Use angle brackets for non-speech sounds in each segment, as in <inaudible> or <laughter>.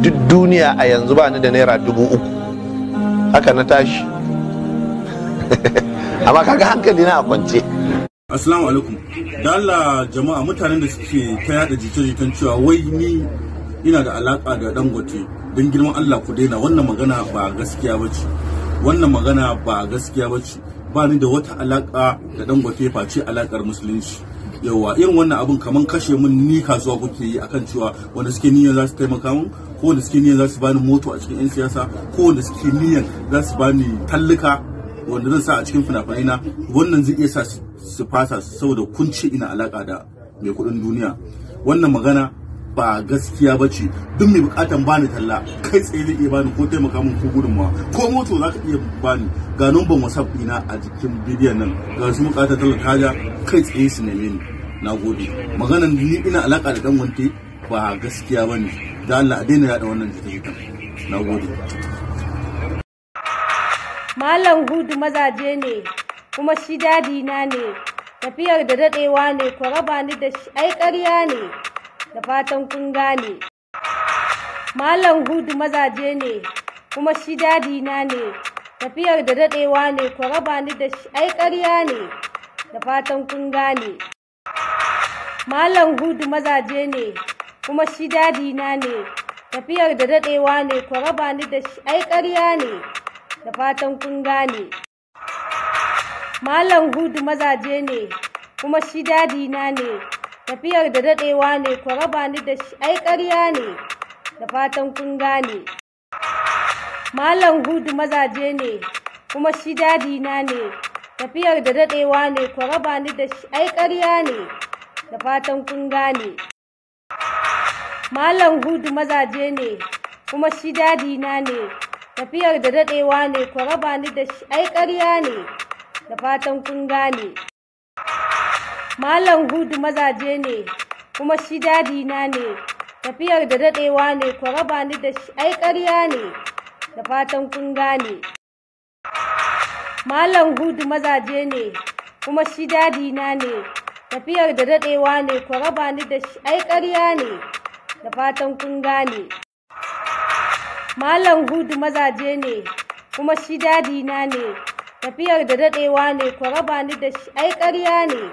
duk duniya a yanzu ba ni da naira dubu uku haka na tashi <laughs> amma kaga hankali na a kwance assalamu alaikum da Allah jama'a mutanen da suke ta yada jita-jitan cewa wai ni ina da alaka da dangote don girman Allah ku daina wannan magana ba gaskiya ba ce wannan magana ba gaskiya ba ce ba ni da wata alaka da dangote face alakar musulunci yawa irin wannan abin kaman kashe mun ni kasuwa kuke yi akan cewa wanda suke niyyar za su taimaka mun ko wanda suke niyyar za su bani moto a cikin 'yan siyasa ko wanda suke niyyar za su bani tallika wanda zan sa a cikin fina-finai na wannan zai iya sa su fasa saboda kun ce ina alaka da mai kuɗin duniya wannan magana ba gaskiya ba ce duk mai bukatan bani talla kai tsaye zai iya bani ko taimaka min ko gudunmawa ko moto za ka iya bani ga numban whatsapp ina a jikin bidiyon nan ga su bukatan talla kaja kai tsaye su neme ni na gode maganan ni ina alaka da dan ba gaskiya ba ne da Allah a daina yada wannan jita-jitan na gode Malam Hudu mazaje ne kuma shi dadi na ne tafiyar da dadewa ne kwaraba ni da shi ai ƙarya ne da fatan kun gane Malam Hudu mazaje ne kuma shi dadi na ne tafiyar da dadewa ne kwaraba ni da shi ai ƙarya ne da fatan kun gane Malam Hudu mazaje ne, kuma shi dadi na ne, tafiyar da daɗewa ne, kwaraba ni da shi ai ƙarya ne, da fatan kun gane. Malam Hudu mazaje ne, kuma shi dadi na ne, tafiyar da daɗewa ne, kwaraba ni da shi ai ƙarya ne, da fatan kun gane. Malam Hudu mazaje ne, kuma shi dadi na ne, tafiyar da daɗewa ne, kwaraba ni da shi ai ƙarya ne. da fatan kun gane malam hudu mazaje ne kuma shi dadi na ne tafiyar da dadewa ne ku raba ni da shi ai ƙarya ne da fatan kun gane malam hudu mazaje ne kuma shi dadi na ne tafiyar da dadewa ne ku raba ni da shi ai ƙarya ne da fatan kun gane malam hudu mazaje ne kuma shi dadi na ne tafiyar da daɗewa ne ku raba ni da shi ai ƙarya ne da fatan kun gane malam hudu mazaje ne kuma shi dadi na ne tafiyar da daɗewa ne ku raba ni da shi ai ƙarya ne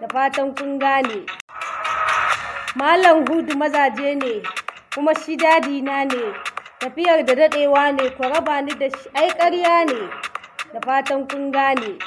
da fatan kun gane malam hudu mazaje ne kuma shi dadi na ne tafiyar da daɗewa ne ku raba ni da shi ai ƙarya ne da fatan kun gane